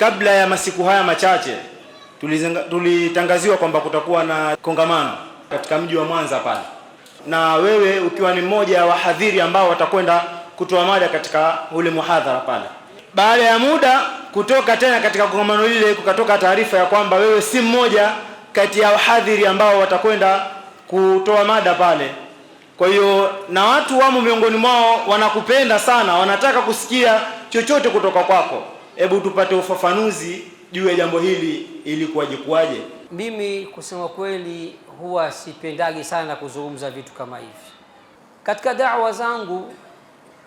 Kabla ya masiku haya machache tulitangaziwa kwamba kutakuwa na kongamano katika mji wa Mwanza pale, na wewe ukiwa ni mmoja wa wahadhiri ambao watakwenda kutoa mada katika ule muhadhara pale. Baada ya muda kutoka tena katika kongamano lile, kukatoka taarifa ya kwamba wewe si mmoja kati ya wahadhiri ambao watakwenda kutoa mada pale. Kwa hiyo na watu wamo miongoni mwao wanakupenda sana, wanataka kusikia chochote kutoka kwako hebu tupate ufafanuzi juu ya jambo hili ilikuwaje kuwaje? Mimi kusema kweli, huwa sipendagi sana kuzungumza vitu kama hivi katika dawa zangu.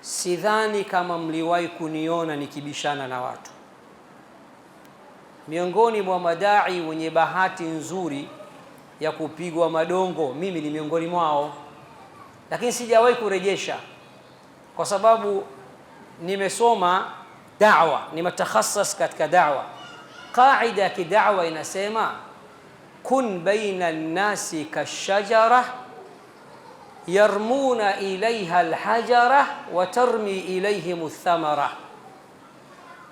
Sidhani kama mliwahi kuniona nikibishana na watu. Miongoni mwa madai wenye bahati nzuri ya kupigwa madongo, mimi ni miongoni mwao, lakini sijawahi kurejesha kwa sababu nimesoma dawa ni matakhasas katika dawa. Qaida ya kidawa inasema kun baina lnasi kashajara yarmuna ilaiha lhajara wa tarmi ilaihim thamara,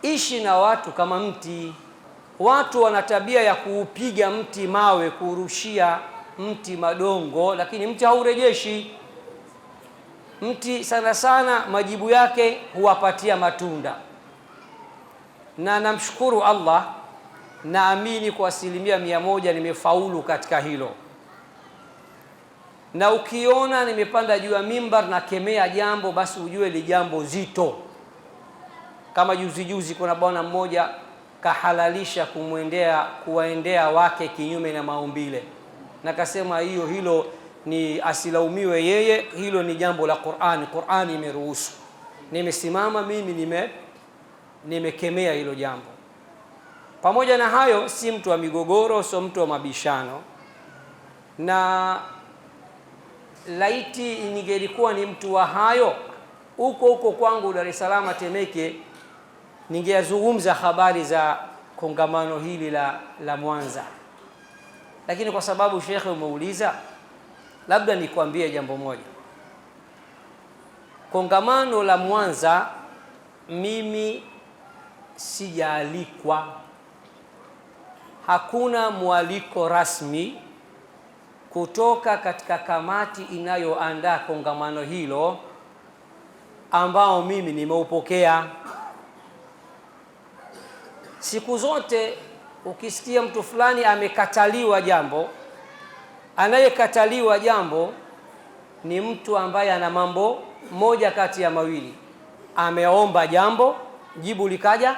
ishi na watu kama mti. Watu wana tabia ya kuupiga mti mawe, kurushia mti madongo, lakini mti haurejeshi mti. Sana sana majibu yake huwapatia matunda na namshukuru Allah, naamini kwa asilimia mia moja nimefaulu katika hilo. Na ukiona nimepanda juu ya mimbar na kemea jambo, basi ujue ni jambo zito. Kama juzi juzi, kuna bwana mmoja kahalalisha kumwendea kuwaendea wake kinyume na maumbile, na kasema hiyo hilo ni asilaumiwe yeye, hilo ni jambo la Qur'ani. Qur'ani imeruhusu. Nimesimama mimi nime nimekemea hilo jambo. Pamoja na hayo, si mtu wa migogoro, sio mtu wa mabishano, na laiti ningelikuwa ni mtu wa hayo, huko huko kwangu Dar es Salaam Temeke, ningeyazungumza habari za kongamano hili la, la Mwanza, lakini kwa sababu shekhe umeuliza, labda nikwambie jambo moja. Kongamano la Mwanza mimi sijaalikwa, hakuna mwaliko rasmi kutoka katika kamati inayoandaa kongamano hilo ambao mimi nimeupokea. Siku zote ukisikia mtu fulani amekataliwa jambo, anayekataliwa jambo ni mtu ambaye ana mambo moja kati ya mawili: ameomba jambo, jibu likaja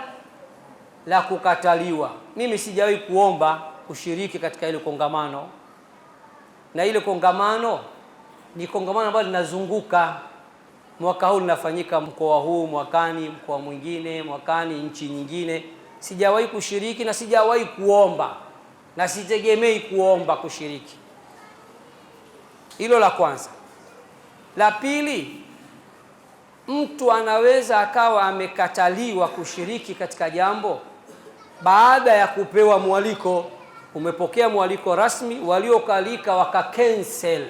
la kukataliwa. Mimi sijawahi kuomba kushiriki katika ile kongamano, na ile kongamano ni kongamano ambalo linazunguka mwaka huu linafanyika mkoa huu, mwakani mkoa mwingine, mwakani nchi nyingine. Sijawahi kushiriki na sijawahi kuomba na sitegemei kuomba kushiriki. Hilo la kwanza. La pili, mtu anaweza akawa amekataliwa kushiriki katika jambo baada ya kupewa mwaliko, umepokea mwaliko rasmi, waliokalika waka cancel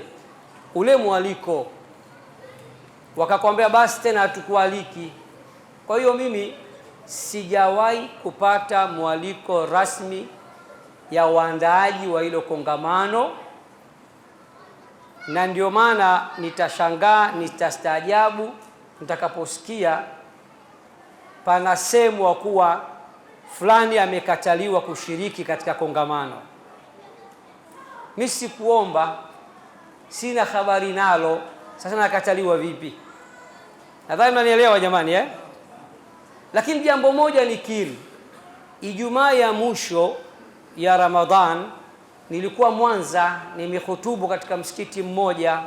ule mwaliko, wakakwambia basi tena hatukualiki. Kwa hiyo mimi sijawahi kupata mwaliko rasmi ya waandaaji wa hilo kongamano, na ndio maana nitashangaa, nitastaajabu nitakaposikia panasemwa kuwa fulani amekataliwa kushiriki katika kongamano, mi sikuomba, sina habari nalo. Sasa nakataliwa vipi? Nadhani mnanielewa jamani eh? Lakini jambo moja ni kiri Ijumaa ya mwisho ya Ramadhan nilikuwa Mwanza, nimehutubu katika msikiti mmoja.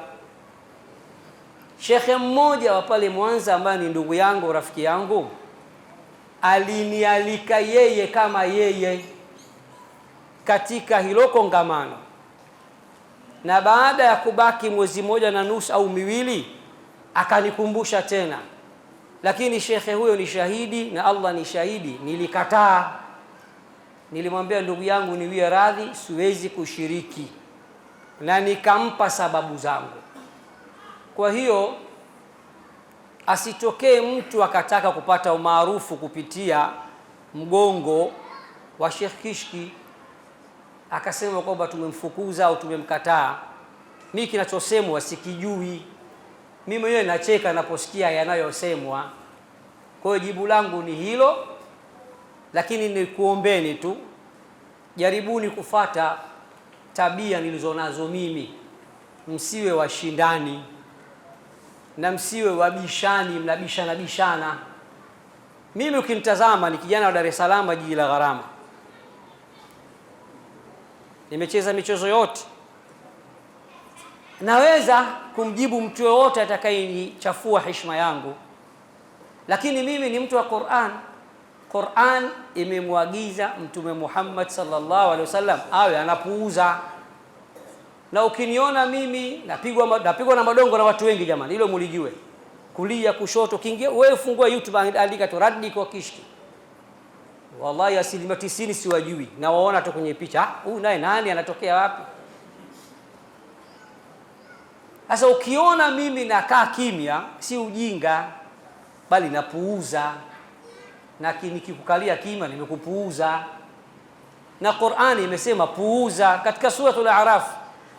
Shekhe mmoja wa pale Mwanza ambaye ni ndugu yangu, rafiki yangu alinialika yeye kama yeye katika hilo kongamano, na baada ya kubaki mwezi mmoja na nusu au miwili akanikumbusha tena, lakini shekhe huyo ni shahidi na Allah ni shahidi, nilikataa. Nilimwambia ndugu yangu, niwie radhi, siwezi kushiriki, na nikampa sababu zangu. Kwa hiyo asitokee mtu akataka kupata umaarufu kupitia mgongo wa Sheikh Kishki akasema kwamba tumemfukuza au tumemkataa. Mi kinachosemwa sikijui, mi mwenyewe nacheka naposikia yanayosemwa. Kwa hiyo jibu langu ni hilo, lakini nikuombeni tu, jaribuni kufata tabia nilizonazo mimi, msiwe washindani na msiwe wabishani, mnabishana bishana. Mimi ukinitazama ni kijana wa Dar es Salaam, jiji la gharama, nimecheza michezo yote, naweza kumjibu mtu yoyote atakayenichafua heshima yangu, lakini mimi ni mtu wa Qur'an. Qur'an imemwagiza Mtume Muhammad sallallahu alaihi wasallam awe anapuuza na ukiniona mimi napigwa napigwa na madongo na watu wengi jamani, hilo mulijue. Kulia kushoto, kiingia wewe, fungua YouTube, andika tu raddi kwa kishki, wallahi asilimia tisini siwajui, na waona tu kwenye picha. Ah, huyu naye nani, anatokea wapi? Sasa ukiona mimi nakaa kimya, si ujinga, bali napuuza, na nikikukalia kimya nimekupuuza. Na Qur'ani imesema puuza, katika suratul Araf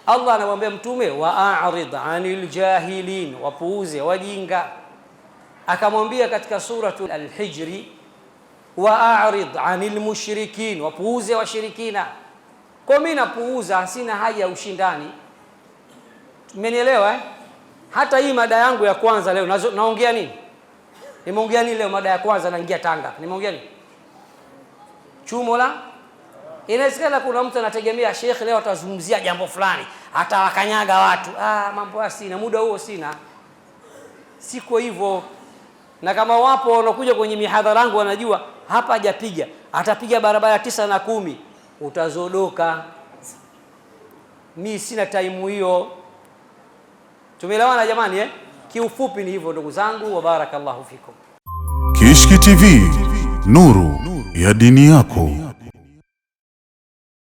Allah anamwambia mtume wa a'rid anil jahilin, wapuuze wajinga. Akamwambia katika suratu Al-Hijri wa a'rid anil mushrikin, wapuuze washirikina. Kwa mimi napuuza, sina haja ya ushindani. Umenielewa eh? Hata hii mada yangu ya kwanza leo naongea nini? Nimeongea nini leo? Mada ya kwanza naingia Tanga, nimeongea nini? Chumo la Inawezekana kuna mtu anategemea shekhe leo atazungumzia jambo fulani, atawakanyaga watu. Ah, mambo haya sina muda huo, sina siko hivyo. Na kama wapo wanakuja kwenye mihadhara yangu, wanajua hapa hajapiga, atapiga barabara tisa na kumi, utazodoka. Mi sina taimu hiyo. Tumeelewana jamani eh? Kiufupi ni hivyo ndugu zangu, wa barakallahu fikum. Kishki TV, nuru ya dini yako.